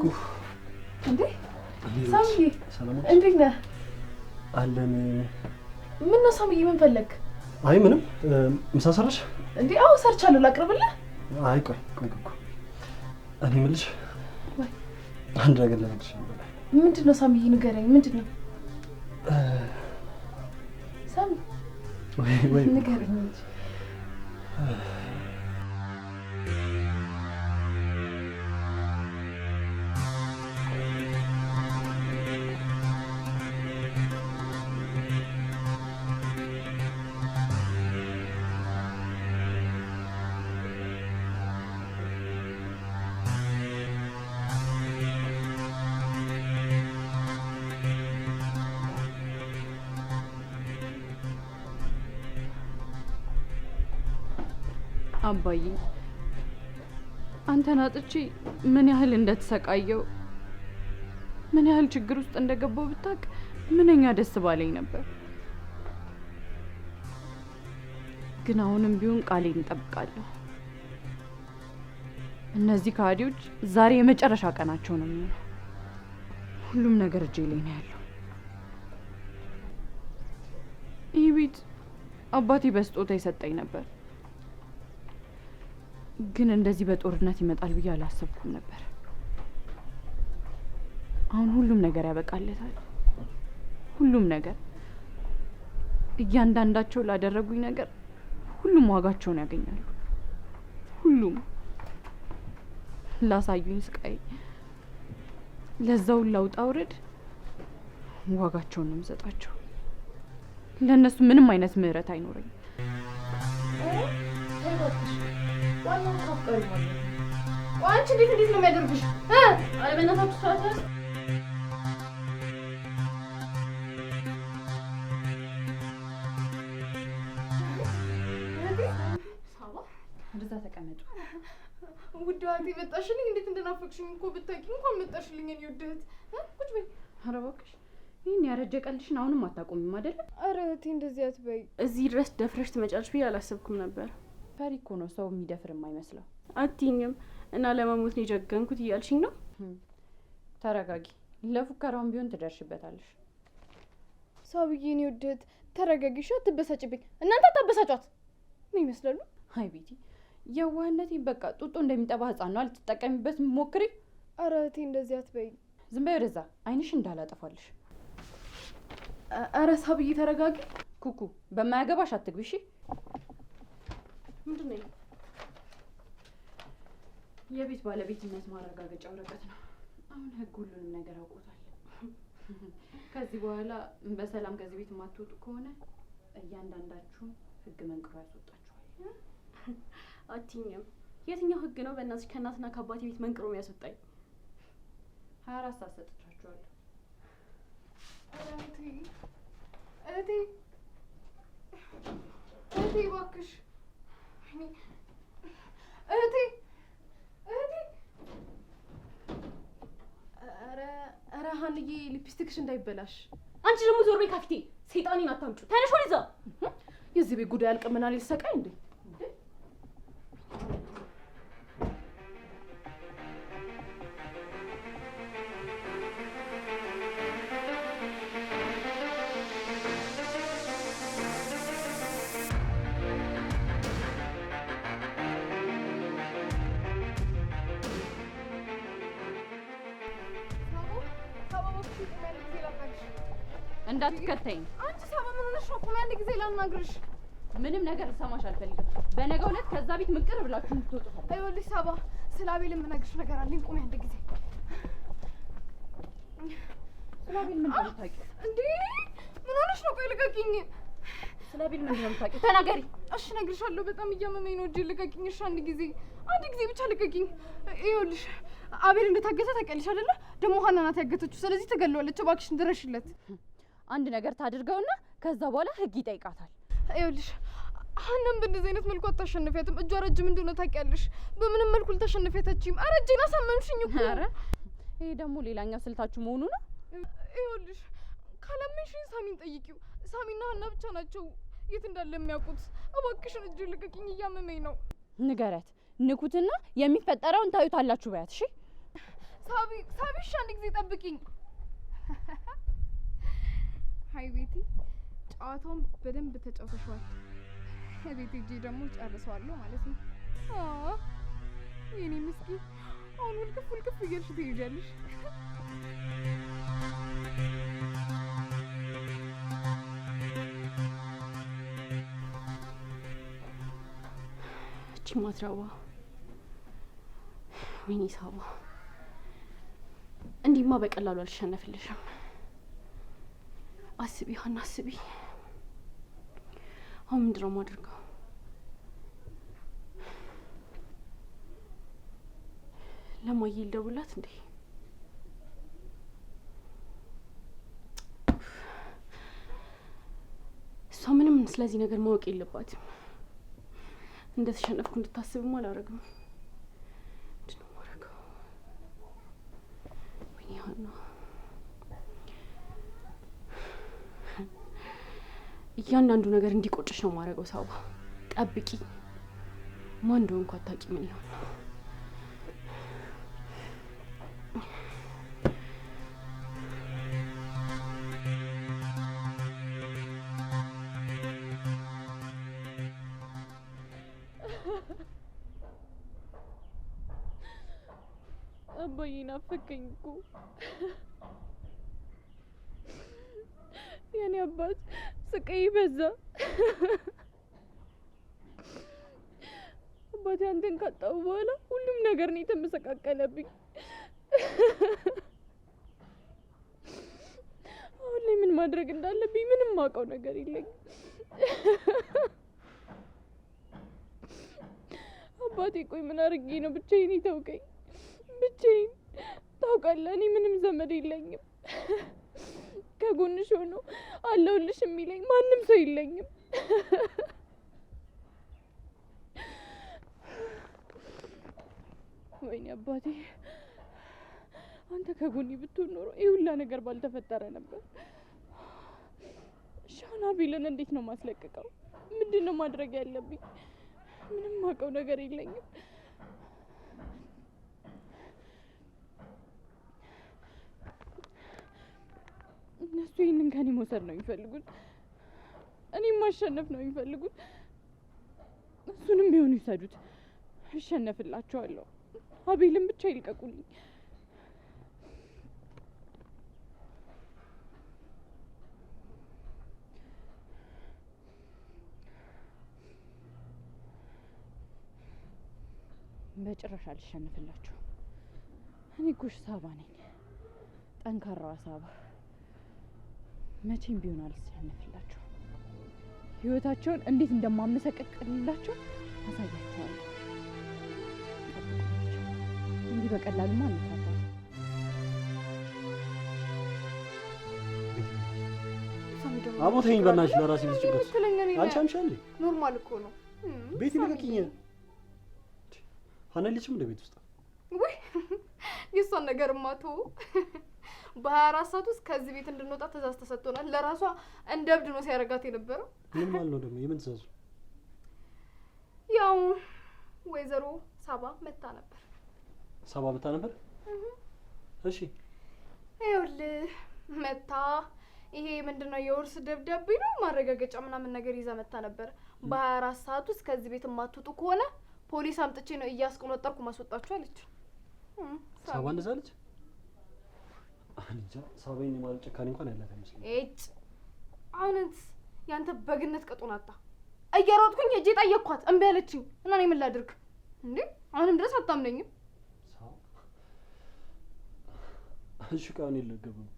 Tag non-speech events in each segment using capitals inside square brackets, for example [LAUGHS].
እኮ እንዴ! ሳምዬ እንዴት ነህ? አለን። ምን ነው ሳምዬ፣ ምን ፈለግ? አይ ምንም። ምሳ ሰራሽ እንዴ? አዎ ሰርቻለሁ። ላቅርብልህ? አይ ቆይ ቆይ ቆይ፣ እኔ የምልሽ አንድ ነገር ልነግርሽ። ምንድን ነው ሳምዬ? ንገረኝ። ምንድን ነው ሳም? ወይ ወይ፣ ንገረኝ እንጂ አባዬ አንተን አጥቼ ምን ያህል እንደተሰቃየው ምን ያህል ችግር ውስጥ እንደገባው ብታውቅ ምንኛ ደስ ባለኝ ነበር። ግን አሁንም ቢሆን ቃሌን እንጠብቃለሁ። እነዚህ ከሃዲዎች ዛሬ የመጨረሻ ቀናቸው ነው የሚሆነው። ሁሉም ነገር እጄ ላይ ነው ያለው። ይህ ቤት አባቴ በስጦታ የሰጠኝ ነበር። ግን እንደዚህ በጦርነት ይመጣል ብዬ አላሰብኩም ነበር። አሁን ሁሉም ነገር ያበቃለታል። ሁሉም ነገር፣ እያንዳንዳቸው ላደረጉኝ ነገር ሁሉም ዋጋቸውን ያገኛሉ። ሁሉም ላሳዩኝ ስቃይ፣ ለዛውን ላውጣ ውረድ ዋጋቸውን ነው የምሰጣቸው። ለእነሱ ምንም አይነት ምህረት አይኖረኝም። ዋናው ታፍቃሪ ማለት ነው። አንቺ እንዴት እንዴት ነው የሚያደርጉሽ? አይ በእናታችሁ ሰዓት እንደዛ ተቀመጡ። ውድ እህቴ መጣሽልኝ። እንዴት እንደናፈቅሽኝ እኮ ብታውቂ እንኳን መጣሽልኝ። እኔ ውድ እህት ቁጭ በይ። ኧረ እባክሽ ይህን ያረጀ ቀልሽን አሁንም አታቆሚም አይደለም? ኧረ እህቴ እንደዚህ አትበይ። እዚህ ድረስ ደፍረሽ ትመጫለሽ ብዬ አላሰብኩም ነበር። ፈሪ እኮ ነው ሰው የሚደፍር የማይመስለው። አትይኝም እና ለመሞት ነው የጀገንኩት እያልሽኝ ነው? ተረጋጊ፣ ለፉከራውን ቢሆን ትደርሽበታለሽ። ሰው ብዬ እኔ ውድህት ተረጋጊ፣ እሺ? አትበሳጭብኝ። እናንተ አታበሳጯት። ምን ይመስላሉ? አይ ቤቲ፣ የዋህነቴን በቃ ጡጦ እንደሚጠባ ህፃን ነው። አልትጠቀሚበት ሞክሪ። ኧረ እህቴ እንደዚህ አትበይ። ዝም በይ ወደዛ፣ አይንሽ እንዳላጠፋልሽ። አረ ሳብዬ ተረጋጊ። ኩኩ በማያገባሽ አትግቢ እሺ። ምንድን ነው? የቤት ባለቤትነት ማረጋገጫ ወረቀት ነው። አሁን ህግ ሁሉንም ነገር አውቆታል። ከዚህ በኋላ በሰላም ከዚህ ቤት የማትወጡ ከሆነ እያንዳንዳችሁም ህግ መንቅሮ ያስወጣችኋል። አትይኝም። የትኛው ህግ ነው በእናትሽ ከእናትና ከአባቴ ቤት መንቅሮ የሚያስወጣኝ? ሀያ አራት ሰዓት ሰጥቻችኋለሁ። ስልክሽ እንዳይበላሽ። አንቺ ደግሞ ዞር በይ ከፊቴ። ሰይጣኔን አታምጩ። ተነሽ ወደዛ። የዚህ ቤት ጉዳይ አልቅምናል። ይሰቃይ እንዴ ምንም ነገር ልሰማሽ አልፈልግም። በነገው ዕለት ከዛ ቤት ምቅር ብላችሁ የምትወጡ ይኸውልሽ፣ ሳባ ስለ አቤል የምነግርሽ ነገር አለኝ። ቁሚ አንድ ጊዜ። ስለ አቤል ምንድን ነው የምታውቂው? እንዴ ምን ሆነሽ ነው? ቆይ ልቀቂኝ። ስለ አቤል ምንድን ነው የምታውቂው? ተናገሪ። እሺ እነግርሻለሁ። በጣም እያመመኝ ነው። እጅ ልቀቂኝ። እሺ አንድ ጊዜ፣ አንድ ጊዜ ብቻ ልቀቂኝ። ይኸውልሽ አቤል እንደታገተ ታውቂያለሽ አይደለ? ደግሞ ሀና ናት ያገተችው። ስለዚህ ተገለዋለች። እባክሽን ድረሽለት። አንድ ነገር ታድርገውና ከዛ በኋላ ህግ ይጠይቃታል። ይኸውልሽ ሀናም በእንደዚህ አይነት መልኩ አታሸንፊያትም። እጇ ረጅም እንደሆነ ታውቂያለሽ። በምንም መልኩ ልታሸንፊያታችም። ኧረ እጄን አሳመንሽኝ እኮ። ኧረ ይሄ ደግሞ ሌላኛው ስልታችሁ መሆኑ ነው። ይኸውልሽ ካላመንሽኝ ሳሚን ጠይቂው። ሳሚና ሀና ብቻ ናቸው የት እንዳለ የሚያውቁት። እባክሽን እጅ ልቀቅኝ፣ እያመመኝ ነው። ንገረት፣ ንኩትና የሚፈጠረውን ታዩታላችሁ በያት። እሺ ሳቢ፣ ሳቢሽ አንድ ጊዜ ጠብቂኝ። ሀይ ቤቲ ጨዋታውን በደንብ ተጫውተሸዋል። ከቤት እጄ ደግሞ ጨርሰዋለሁ ማለት ነው። የኔ ምስኪ አሁን ውልቅፍ ውልቅፍ እያልሽ ትሄጃለሽ። እቺ ማትረባ ወይኔ ሳባ፣ እንዲህማ በቀላሉ አልሸነፍልሽም። አስቢ ሀና አስቢ። አሁን ምንድን ነው የማደርገው? ለማየ ልደውልላት እንዴ? እሷ ምንም ስለዚህ ነገር ማወቅ የለባትም። እንደ ተሸነፍኩ እንድታስብም አላረግም። ምንድን ነው የማደርገው? ወይኔ ሀና እያንዳንዱ ነገር እንዲቆጭሽ ነው ማድረገው። ሳባ ጠብቂ፣ ማን እንደሆንኩ አታውቂ። ምን ይሆን አባዬ ናፈቀኝ እኮ የኔ አባት ስቃይ በዛ። አባቴ አንተን ካጣሁ በኋላ ሁሉም ነገር ነው የተመሰቃቀለብኝ። አሁን ላይ ምን ማድረግ እንዳለብኝ ምንም ማውቀው ነገር የለኝም። አባቴ ቆይ ምን አድርጌ ነው ብቻዬን? ይተውቀኝ ብቻዬን። ታውቃለህ፣ እኔ ምንም ዘመድ የለኝም። ከጎንሽ ሆኖ አለሁልሽ የሚለኝ ማንም ሰው የለኝም። ወይኔ አባቴ፣ አንተ ከጎኔ ብትሆን ኖሮ ይህ ሁላ ነገር ባልተፈጠረ ነበር። ሻና ቢለን እንዴት ነው ማስለቀቀው? ምንድን ነው ማድረግ ያለብኝ? ምንም አውቀው ነገር የለኝም። ከኔ መውሰድ ነው የሚፈልጉት። እኔ ማሸነፍ ነው የሚፈልጉት። እሱንም ቢሆን ይሰዱት፣ እሸነፍላቸዋለሁ። አቤልም ብቻ ይልቀቁልኝ። በጭራሽ አልሸንፍላችሁም። እኔ እኮ ሳባ ነኝ፣ ጠንካራዋ ሳባ መቼም ቢሆን አልሰነፍላቸው። ህይወታቸውን እንዴት እንደማመሰቀቅላቸው አሳያቸዋለሁ። እንዲህ በቀላሉ አንፋታ። አቦተኝ በእናትሽ ለራሴ ልጅ ጭቅት አንቺ አንቺ አንዴ ኖርማል እኮ ነው። ቤት ይልቅኝ ሀነ ልጅም እንደ ቤት ውስጥ ወይ የእሷን ነገር ማቶ በሀያ አራት ሰዓት ውስጥ ከዚህ ቤት እንድንወጣ ትእዛዝ ተሰጥቶናል። ለራሷ እንደ እብድ ነው ሲያደርጋት የነበረው። ምን ማለት ነው ደግሞ? የምን ትእዛዙ? ያው ወይዘሮ ሳባ መታ ነበር። ሳባ መታ ነበር። እሺ ይኸውልህ መታ ይሄ ምንድን ነው የውርስ ደብዳቤ ነው ማረጋገጫ ምናምን ነገር ይዛ መታ ነበር። በሀያ አራት ሰዓት ውስጥ ከዚህ ቤት የማትወጡ ከሆነ ፖሊስ አምጥቼ ነው እያስቆነጠርኩ ማስወጣችሁ አለች ሳባ። እንደዛ አለች አንጃ ሳበኝ ማለት ጭካኔ እንኳን ያላት አይመስለኝም። እጭ አሁንስ ያንተ በግነት ቀጦን አጣ። እየሮጥኩኝ እጄ ጠየኳት እምቢ አለችኝ እና እኔ ምን ላድርግ እንዴ? አሁንም ድረስ አታምነኝም። እሺ ቃን የለገብም።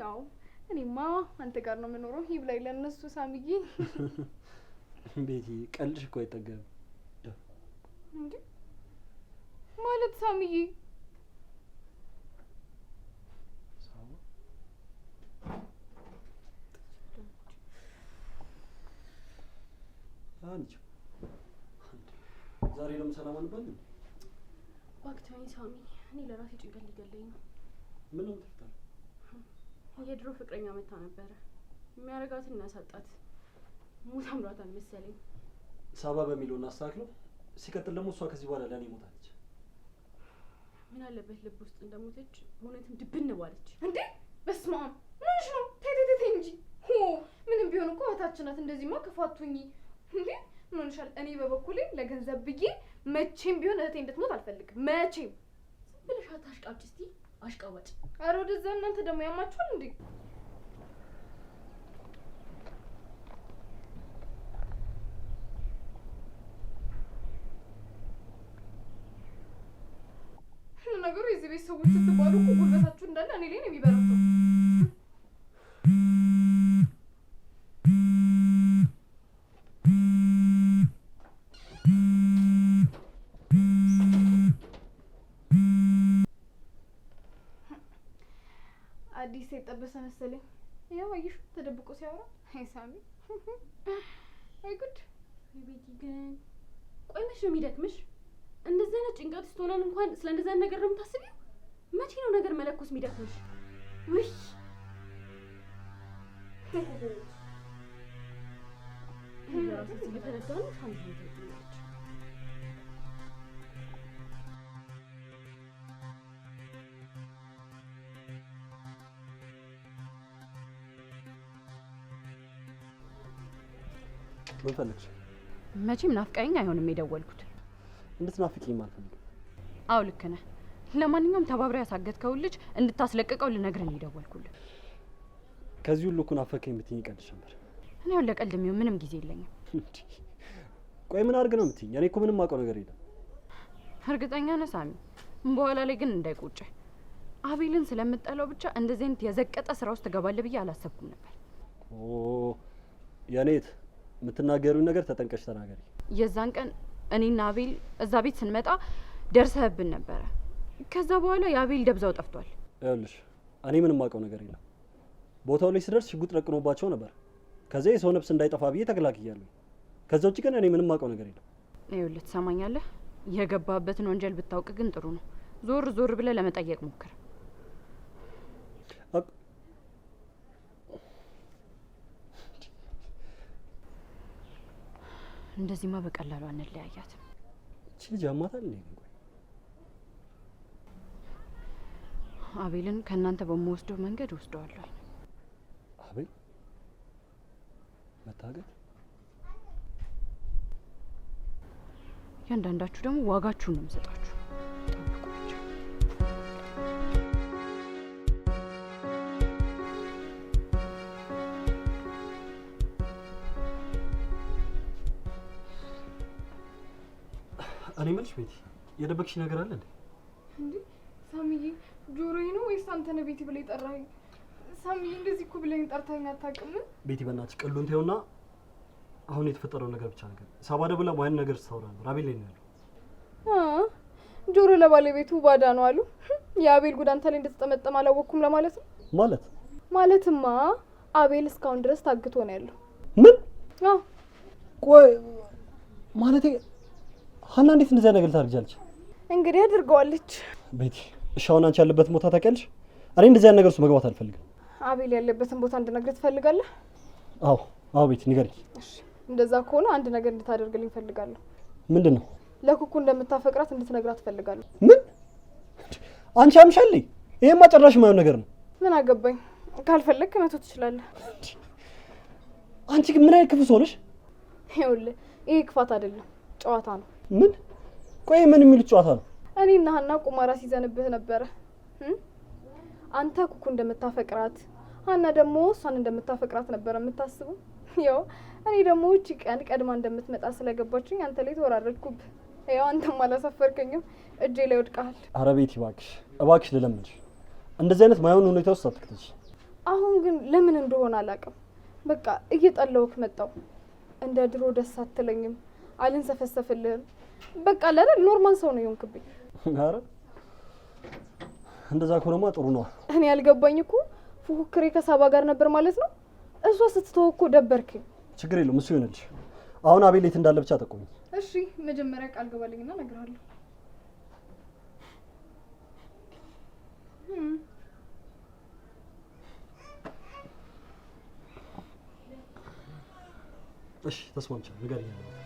ያው እኔማ አንተ ጋር ነው የምኖረው። ይብላኝ ለእነሱ ሳምዬ። ቤቲ ቀልድሽ እኮ አይጠገብም እንዴ ማለት ሳምዬ አንቺ ዛሬ ደግሞ ሰላም አንባል? እባክህ ሳሚ፣ እኔ ለራሴ ጭንቀት ሊገለኝ ነው። ምን ምትፍታል? የድሮ ፍቅረኛ መታ ነበረ። የሚያረጋትን እናሳጣት ሙት አምሯታል መሰለኝ። ሳባ በሚለው እናስተካክለው። ሲቀጥል ደግሞ እሷ ከዚህ በኋላ ለእኔ ሞታለች። ምን አለበት ልብ ውስጥ እንደሞተች በእውነትም ድብን ባለች እንዴ። በስመ አብ ምንሽ ነው? ተይ ተይ ተይ እንጂ። ምንም ቢሆን እኮ እህታችን ናት። እንደዚህማ ክፉ አትሁኚ። እንዴ ምን ሆነሻል? እኔ በበኩሌ ለገንዘብ ብዬ መቼም ቢሆን እህቴ እንድትሞት አልፈልግም። መቼም ዝም ብለሽ አታሽቃብጭ እስቲ አሽቃባጭ። ኧረ ወደዛ እናንተ ደግሞ ያማችኋል እንዴ? ነገሩ የዚህ ቤት ሰዎች ስትባሉ እኮ ጉልበታችሁ እንዳለ እኔ ላይ ነው የሚበረተው። አዲስ የጠበሰ መሰለኝ። ያው አየሽ ተደብቆ ሲያወራ አይሳሚ። አይ ጉድ! ቤቲ ግን ቆይ መች ነው የሚደክምሽ? እንደዚህ አይነት ጭንቀት ውስጥ ሆነን እንኳን ስለ እንደዚህ አይነት ነገር ነው የምታስቢው? መቼ ነው ነገር መለኮስ የሚደክምሽ? ውይ ነው ምን ፈለግሽ? መቼም ናፍቀኸኝ አይሆንም የደወልኩት። እንድትናፍቂኝ አልፈልግም። አዎ ልክ ነህ። ለማንኛውም ተባብረ ያሳገድከውን ልጅ እንድታስለቅቀው ልነግርህ ነው የደወልኩልህ። ከዚህ ሁሉ እኮ ናፈቀኝ የምትይኝ ቀልድ ነበር። እኔ ያው ለቀልድ የሚሆን ምንም ጊዜ የለኝም። ቆይ ምን አድርግ ነው የምትይኝ? እኔ እኮ ምንም አውቀው ነገር የለም። እርግጠኛ ነህ ሳሚ? በኋላ ላይ ግን እንዳይቆጭ አቤልን ስለምጠላው ብቻ እንደዚህ አይነት የዘቀጠ ስራ ውስጥ ትገባለህ ብዬ አላሰብኩም ነበር። የኔት የምትናገሪው ነገር ተጠንቀሽ ተናገሪ። የዛን ቀን እኔና አቤል እዛ ቤት ስንመጣ ደርሰህብን ነበረ። ከዛ በኋላ የአቤል ደብዛው ጠፍቷል። ይኸውልሽ እኔ ምንም አውቀው ነገር የለም። ቦታው ላይ ስደርስ ሽጉጥ ረቅኖባቸው ነበር። ከዚያ የሰው ነፍስ እንዳይጠፋ ብዬ ተከላክያለሁ። ከዛ ውጭ ግን እኔ ምንም አውቀው ነገር የለም። ይኸውልህ ትሰማኛለህ? የገባበትን ወንጀል ብታውቅ ግን ጥሩ ነው። ዞር ዞር ብለህ ለመጠየቅ ሞክር። እንደዚህማ በቀላሉ አንለያያትም። እቺ ልጅ አማታል እንዴ? አቤልን ከእናንተ በምወስደው መንገድ ወስደዋለሁ። አቤል መታገት እያንዳንዳችሁ ደግሞ ዋጋችሁን ነው የምሰጣችሁ። እኔ የምልሽ ቤቲ የደበቅሽ ነገር አለ እንዴ? እንዴ ሳሚዬ፣ ጆሮዬ ነው ወይስ አንተ ነህ ቤቲ ብለህ የጠራኸኝ? ሳሚዬ እንደዚህ እኮ ብለኝ ጠርታኝ አታውቅም። ቤቲ በእናትሽ ቀሉን ተይውና አሁን የተፈጠረው ነገር ብቻ ነገር ሳባ ደብላ ዋን ነገር ነው ራቤል ላይ ነው ያለው። ጆሮ ለባለቤቱ ባዳ ነው አሉ። የአቤል ጉድ አንተ ላይ እንደተጠመጠመ አላወቅኩም ለማለት ነው። ማለት ማለትማ አቤል እስካሁን ድረስ ታግቶ ነው ያለው። ምን? አዎ ቆይ ማለቴ ሀና እንዴት እንደዚያ ነገር ታደርጃለች? እንግዲህ አድርገዋለች። ቤቲ እሺ፣ አሁን አንቺ ያለበትን ቦታ ታውቂያለሽ? እኔ እንደዚያ ነገር እሱ መግባት አልፈልግም። አቤል ያለበትን ቦታ እንድነግርህ ትፈልጋለህ? አዎ፣ አዎ። ቤቲ ንገሪኝ። እንደዛ ከሆነ አንድ ነገር እንድታደርግልኝ እፈልጋለሁ። ምንድን ነው? ለኩኩ እንደምታፈቅራት እንድትነግራት እፈልጋለሁ። ምን? አንቺ አምሻልኝ። ይሄማ ጭራሽ የማይሆን ነገር ነው። ምን አገባኝ? ካልፈለግክ መቶ ትችላለህ። አንቺ ግን ምን አይነት ክፉ ሰው ነሽ? ይኸውልህ፣ ይሄ ክፋት አይደለም፣ ጨዋታ ነው። ምን? ቆይ ምን የሚል ጨዋታ ነው? እኔ እና ሀና ቁማራ ሲዘንብህ ነበረ። አንተ ኩኩ እንደምታፈቅራት ሀና ደግሞ እሷን እንደምታፈቅራት ነበረ የምታስቡ ያው እኔ ደግሞ እቺ ቀን ቀድማ እንደምትመጣ ስለገባችኝ አንተ ላይ ተወራረድኩብ። ያው አንተም አላሳፈርከኝም፣ እጄ ላይ ወድቀሃል። አረ ቤቲ እባክሽ፣ እባክሽ ልለምንሽ፣ እንደዚህ አይነት ማይሆን ሁኔታ ውስጥ አሁን ግን ለምን እንደሆነ አላውቅም፣ በቃ እየጠላሁህ መጣው እንደ ድሮ ደስ አትለኝም፣ አልንሰፈሰፍልህም በቃ ለለ ኖርማል ሰው ነው የሆንክብኝ። ኧረ እንደዛ ከሆነማ ጥሩ ነው። እኔ ያልገባኝ እኮ ፉክክሬ ከሳባ ጋር ነበር ማለት ነው። እሷ ስትተወው እኮ ደበርክኝ። ችግር የለውም እሱ ይሆነልሽ። አሁን አቤል የት እንዳለ ብቻ ጠቁሚ። እሺ መጀመሪያ ቃል ገባልኝና እነግርሃለሁ። እሺ ተስማምቻለሁ። ንገሪኝ።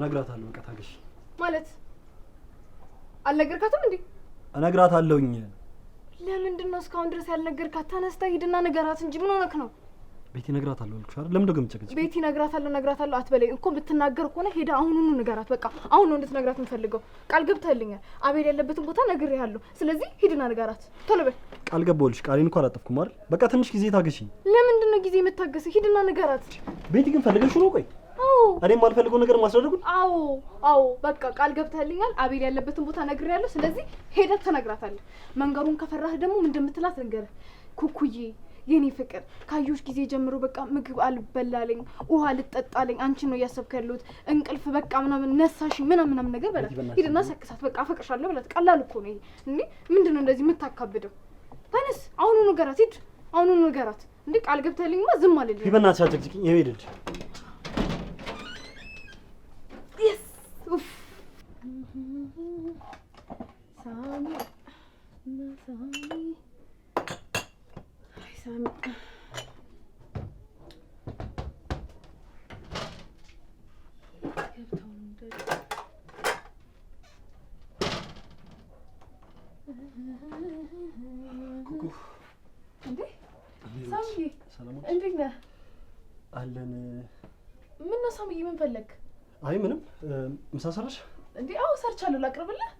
እነግራታለሁ። በቃ ታገሽ ማለት አልነገርካትም እንዴ? እነግራታለሁኝ። ለምንድን ነው እስካሁን ድረስ ያልነገርካት? ተነስታ ሂድና ንገራት እንጂ ምን ሆነክ ነው? ቤቲ እነግራታለሁ አልኩሽ አይደል? ለምን ደግሞ ጨቀጭ? ቤቲ እነግራታለሁ እነግራታለሁ አትበለኝ እኮ። ብትናገር ከሆነ ሄዳ አሁኑኑ ንገራት። በቃ አሁን ነው እንድትነግራት የምፈልገው። ቃል ገብተህልኛል። አቤል ያለበትን ቦታ ነግሬሃለሁ። ስለዚህ ሂድና ንገራት ቶሎ በል። ቃል ገባሁልሽ። ቃሌን እኮ አላጠፍኩም አይደል? በቃ ትንሽ ጊዜ ታገሺኝ። ለምንድን ነው ጊዜ የምታገሰ? ሂድና ንገራት። ቤቲ ግን ፈልገሽ ነው። ቆይ እኔ የማልፈልገው ነገር ማስደረጉን? አዎ አዎ፣ በቃ ቃል ገብተህልኛል። አቤል ያለበትን ቦታ ነግሬያለሁ። ስለዚህ ሄደህ ተነግራታለህ። መንገሩን ከፈራህ ደግሞ ምን እንደምትላት ንገረህ። ኩኩዬ የኔ ፍቅር ካዩሽ ጊዜ ጀምሮ በቃ ምግብ አልበላለኝ፣ ውሃ ልጠጣለኝ፣ አንቺ ነው እያሰብክ ያለሁት፣ እንቅልፍ በቃ ምናምን ነሳሽ ምናምን ምናምን ነገር በላት። ሂድና ሰክሳት፣ በቃ አፈቅርሻለሁ በላት። ቀላል እኮ ነው ይሄ። እንዴ ምንድን ነው እንደዚህ የምታካብደው? ተነስ፣ አሁኑ ንገራት። ሂድ፣ አሁኑ ንገራት። እንዴ ቃል ገብተልኝማ ዝም አልልኝ። በእናትሽ አትጨቅጭቅኝ። የሄድድ اوف سامي ما سامي هاي سامي كوكو سامي سامي سامي اهلا سامي سامي من فلك አይ ምንም ምሳ ሰራሽ እንዴ? አዎ ሰርቻለሁ። ላቅርብልህ?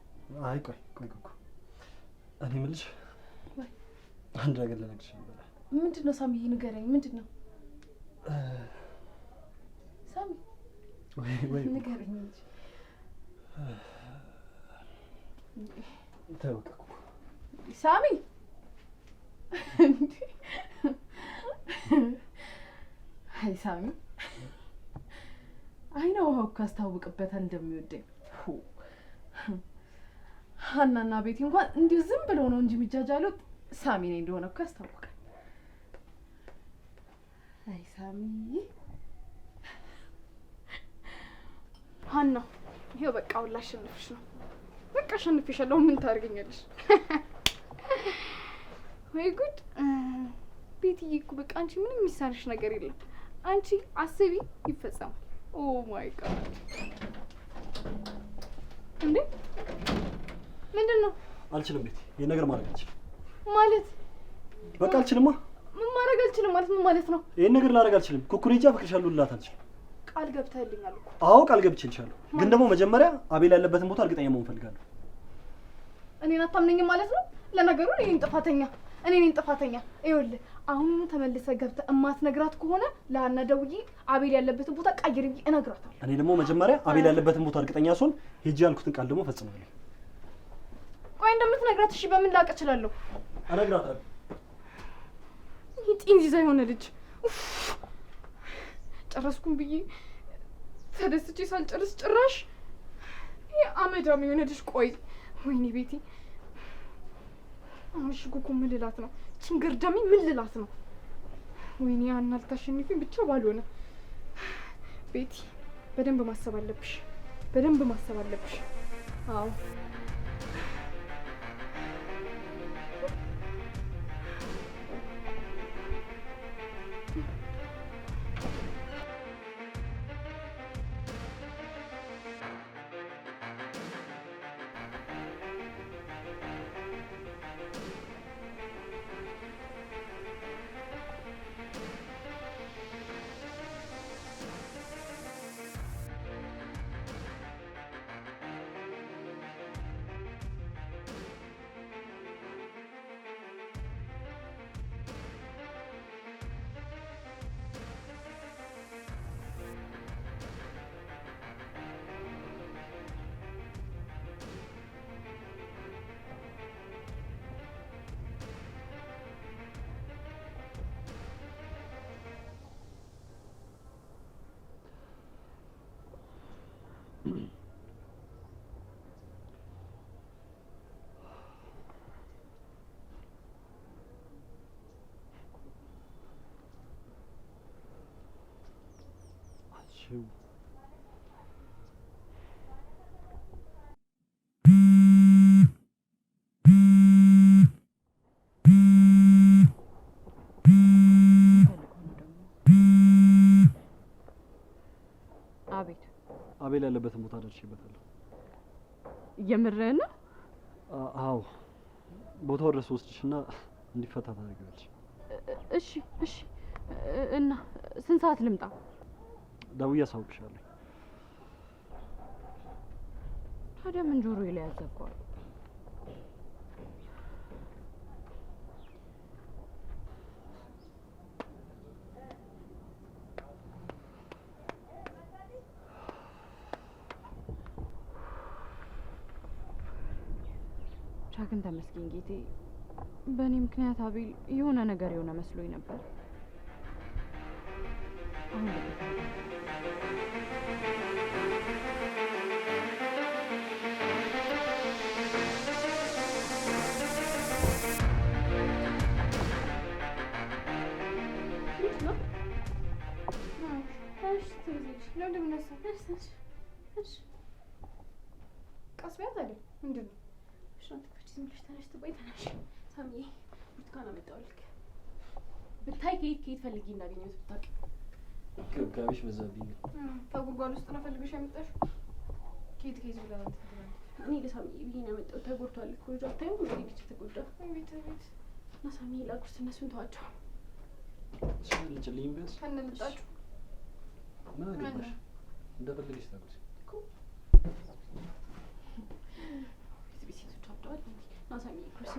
አይ ቆይ ቆይ ቆይ፣ እኔ የምልሽ አንድ ነገር ልነግርሽ ነበር። ምንድን ነው ሳሚዬ? ንገረኝ። ምንድን ነው ሳሚ? ወይ ወይ ንገረኝ እንጂ ተው። ሳሚ አይ ሳሚ አይነ ውሃው እኮ ያስታውቅበታል እንደሚወደኝ። ሀናና ቤቲ እንኳን እንዲሁ ዝም ብሎ ነው እንጂ የሚጃጃሉት ሳሚ ነኝ እንደሆነ እኮ ያስታውቃል። አይ ሳሚ ሀና ይሄው በቃ ሁላ አሸንፍሽ ነው በቃ አሸንፍሻለሁ። ምን ታደርገኛለሽ? ወይ ጉድ! ቤትዬ እኮ በቃ አንቺ ምንም የሚሳንሽ ነገር የለም። አንቺ አስቢ ይፈጸማል። ኦ ማይ ጋድ! እንዴ ምንድን ነው? አልችልም ቤት፣ ይሄ ነገር ማድረግ አልችልም። ማለት በቃ አልችልማ። ምን ማድረግ አልችልም ማለት ምን ማለት ነው? ይሄን ነገር ላደርግ አልችልም። ኩኩኔጃ አፈቅርሻለሁ ልላት አልችልም። ቃል ገብተህልኛል እኮ። አዎ ቃል ገብቼልሻለሁ፣ ግን ደግሞ መጀመሪያ አቤል ያለበትን ቦታ እርግጠኛ መሆን እፈልጋለሁ። እኔን አታምነኝም ማለት ነው? ለነገሩ እኔ ጥፋተኛ፣ እኔ ጥፋተኛ። ይኸውልህ አሁኑኑ ገብተ እማት ነግራት ከሆነ ለአና ደውዬ አቤል ያለበትን ቦታ ቀይር ብዬ እነግራታለሁ። እኔ ደግሞ መጀመሪያ አቤል ያለበትን ቦታ እርግጠኛ ሲሆን ሄጂ ያልኩትን ቃል ደግሞ ፈጽማለሁ። ቆይ እንደምትነግራት እሺ፣ በምን ላውቅ እችላለሁ? እነግራታለሁ። ይህ ጢን ይዛ የሆነ ልጅ ጨረስኩም ብዬ ተደስቼ ሳልጨርስ ጭራሽ ይህ አመዳም የሆነ ልጅ። ቆይ ወይኔ ቤቴ እሺ እኮ ምን ልላት ነው? ችንገር ዳሚ ምን ልላት ነው? ወይኔ ያን አልታሸንፊኝ ብቻ ባልሆነ። ቤቲ በደንብ ማሰብ አለብሽ፣ በደንብ ማሰብ አለብሽ። አዎ tył. አቤት አቤል ያለበትን ቦታ ደርሼበታለሁ። እየምርህ ነው? አዎ ቦታው ድረስ ወስድሽና እንዲፈታ ታደርጊዋለሽ። እሺ እሺ። እና ስንት ሰዓት ልምጣ? ደውዬ አሳውቅሻለሁ። ታዲያ ምን ጆሮ ላይ ያዘጋዋል? ግን ተመስገን ጌቴ፣ በእኔ ምክንያት አቤል የሆነ ነገር የሆነ መስሎኝ ነበር። አሁን ቀስ በያት አለ። ምንድን ነው? እሺ ነው ትከች ዝም ብለሽ ተነሽ፣ ትቆይ ተነሽ። ሳሚዬ ብርቱካን አመጣሁልህ። ብታይ ከየት ከየት ፈልጌ እንዳገኘሁት ብታውቂ። ገብጋቢሽ በዛብኝ ነው። ውስጥ ነው ፈልገሽ ያመጣሽው? ከየት ከየት ብላ ትፈልጋለች። እኔ ለሳሚዬ ብዬሽ ነው ያመጣሁት። ተጎድቷል እኮ ልጁ። አታይም እንግዲህ ልጅ ተጎዳ። ቤት ቤት እና ሳሚዬ ላጉርስ፣ እነሱን ተዋቸው። እሺ ልጭልኝ ቢያንስ ከነ ምን አገባሽ እንደፈለገች ተናገሪ እኮ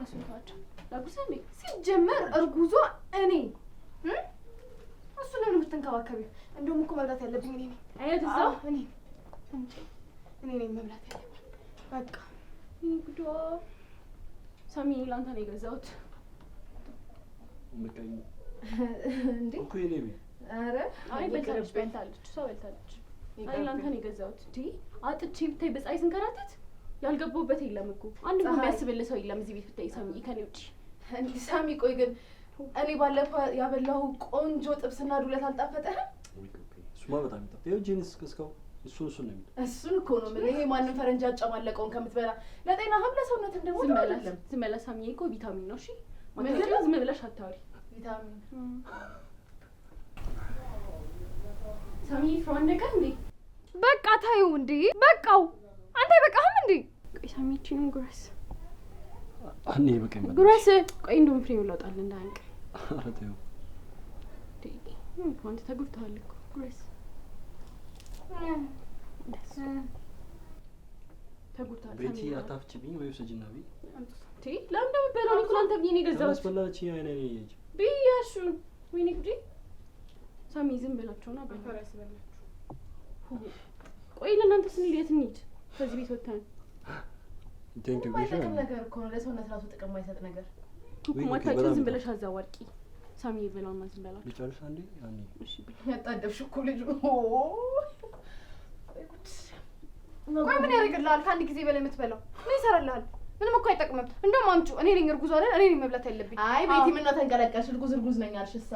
ሲጀመር እርጉዟ እኔ hm? እሱ ለምን ብትንከባከቢው? እንደውም እኮ መብላት ያለብኝ እኔ ነኝ። እኔ ነኝ መብላት ያለብኝ። በቃ እንግዶ ሳሚ፣ ለአንተ ነው የገዛሁት። ምቀኝ [LAUGHS] እንዴ? እኮ የእኔ ቤት። ኧረ አይ በልታለች፣ በልታለች፣ እሷ በልታለች። እኔ ላንተ ነው የገዛሁት። እንዴ አጥቼ ብታይ በፀሐይ ስንከራተት ያልገባሁበት የለም እኮ አንድ የሚያስብልህ ሰው የለም እዚህ ቤት ብታይ ሳሚ ከኔ ውጭ። እንዴ ሳሚ ቆይ ግን እኔ ባለፈው ያበላሁ ቆንጆ ጥብስና ዱለት አልጣፈጠህም? እሱማ በጣም ይጣፍ ይኸው ከስከው እሱ እሱ ነው የሚለው እሱን እኮ ነው የምልህ። ይሄ ማንም ፈረንጅ አጨማለቀውን ከምትበላ ለጤናህም ለሰውነትም ደግሞ ትመላለህ። ዝም በላ ሳሚዬ፣ እኮ ቪታሚን ነው። እሺ ማለት ዝም ብለሽ አታውሪ። ቪታሚን ሳሚዬ ፍሮ አንደቀ እንዴ በቃ ታዩ እንዴ! በቃው አንተ አይበቃህም እንዴ? ቆይ ሳሚችንም ጉረስ አንዴ በቃ ጉረስ። ቆይ እንደውም ፍሬው ላውጣል እንዳንቀ። ኧረ ተይው አንተ ተጎድተሃል እኮ ጉረስ። ተጎድተሃል ቤቲ። አታፍችብኝ ወይ ውሰጂና ቤ ለምን ደግሞ በላው እኮ አንተ ብዬ ነው የገዛሁት። አስፈላጊ አይነ ነው ይሄ ወይኔ ጉዴ! ሳሚ ዝም ብላቸውና በፈረስ በላ ቆይ ለእናንተ ስንል የት እንሂድ? ከዚህ ቤት ወጥተን ማይጠቅም ነገር እኮ ነው። ለሰውነት ራሱ ጥቅም አይሰጥ ነገር ቁማታችን ዝም ብለሽ አዛዋርቂ ሳሚ ይበላውና ዝም በላችሁ። ልጨርስ አንዴ አንዴ። እሺ ያጣደብሽ እኮ ልጅ። ቆይ ምን ያደርግልሃል? ከአንድ ጊዜ በላይ የምትበላው ምን ይሰራልሃል? ምንም እኮ አይጠቅምም። እንደውም አምጩ፣ እኔ ነኝ እርጉዝ አይደል? እኔ ነኝ መብላት ያለብኝ። አይ ቤቲ፣ ምነው ተንቀለቀልሽ? እርጉዝ እርጉዝ ነኝ አልሽ። እሳ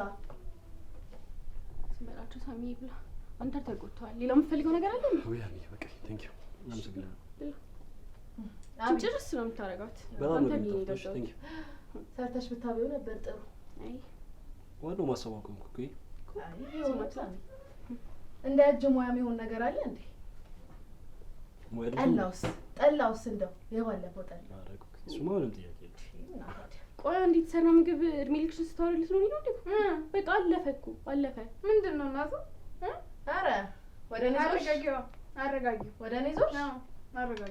ዝም በላችሁ፣ ሳሚ ይብላ አንተ ተጎድተዋል። ሌላው የምትፈልገው ነገር አለ? ጭርስ ነው የምታደርጋት። ሰርተሽ ብታበይው ነበር ጥሩ። ዋናው ማስተዋወቅ ነው እንደ እጅ ነገር አለ እንዴ? ጠላውስ ጠላውስ እንደው የባለፈው ጠላ እሱማ ምንም ጥያቄ ቆይ እንዴት ምግብ እድሜ ልክሽን ስታወሪልሽ ነው? በቃ አለፈ እኮ አለፈ። ምንድን ነው እናቱ ኧረ ወደ እኔ ዞርሽ አረጋጊው ወደ እኔ ዞርሽ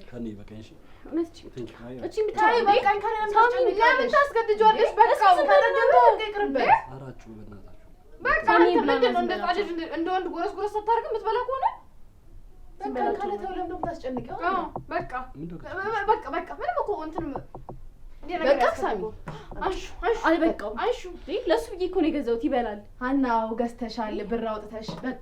ከእኔ በቃኝ። እሺ ለምን ታስገድጂዋለሽ? በቃ ይቅርብሽ። ኧራችሁ በእናታችሁ በቃ ነው እንደ ወንድ ጎረስ ጎረስ ስታደርግ የምትበላ ከሆነ በቃ ካለ ለምን በቃ በቃ ምንም እኮ እንትን ነው የገዛሁት። ይበላል። አናው ገዝተሻል፣ ብር አውጥተሽ በቃ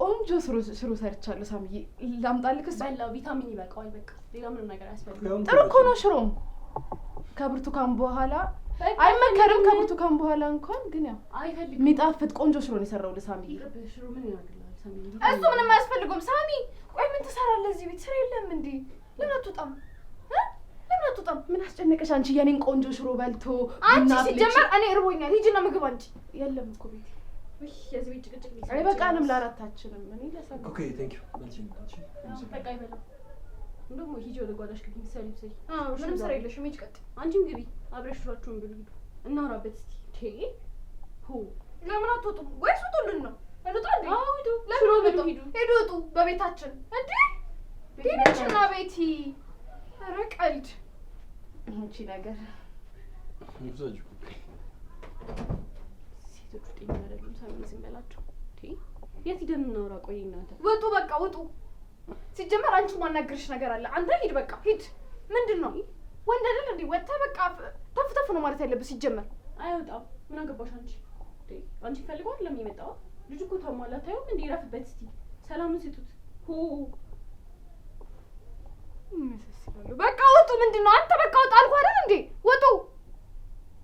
ቆንጆ ሽሮ ሰርቻለሁ። ሳምዬ ላምጣልህ? እሱ በላው ቪታሚን ይበቃዋል። በቃ ሌላ ምንም ነገር አያስፈልግም። ጥሩ እኮ ነው ሽሮም ከብርቱካን በኋላ አይመከርም። ከብርቱካን በኋላ እንኳን ግን ያው የሚጣፍጥ ቆንጆ ሽሮ ነው የሰራው ለሳምዬ። እሱ ምንም አያስፈልገውም። ሳሚ ቆይ ምን ትሰራለህ እዚህ ቤት? ስራ የለም እንዴ? ለምን አትወጣም? ለምን አትወጣም? ምን አስጨነቀሽ አንቺ? የኔን ቆንጆ ሽሮ በልቶ አንቺ። ሲጀመር እኔ እርቦኛል። ሂጂና ምግብ አንቺ። የለም እኮ ቤት አይበቃንም ለአራታችንም። እኔ ኦኬ ደግሞ ሂጂ ወደ ጓዳሽ ግቢ ምንም ስራ የለሽም። ቀጥ አንቺም ግቢ አብረሽ ብሉ፣ እናውራበት እስኪ። ቴ ሁ ለምን አትወጡም? ወይስ ውጡልን ነው? እንውጣ እንዴ? አዎ ሂዱ፣ ለምን ወጡ? ሂዱ ሂዱ፣ ውጡ። በቤታችን እንዴ ቤቲ። ኧረ ቀልድ ነገር ሴቶች ውጤኛ አይደሉም። ሳሚ ዝም በላቸው። የት ሂደን እናውራ? ቆይ እናንተ ውጡ፣ በቃ ወጡ ሲጀመር አንቺ ማናገርሽ ነገር አለ። አንተ ሂድ፣ በቃ ሂድ። ምንድን ነው ወንድ አይደል እንዴ? ወጥተህ በቃ ተፍ ተፍ ነው ማለት ያለብህ። ሲጀመር አይወጣም። ምን አገባሽ አንቺ? አንቺ ፈልገዋል ለምን የመጣው ልጅ እኮ ታሟላ። ታየው እንዴ? ይረፍበት እስቲ ሰላምን ስጡት። ሆ በቃ ውጡ። ምንድን ነው አንተ? በቃ ወጣ አልኩህ አይደል እንዴ? ውጡ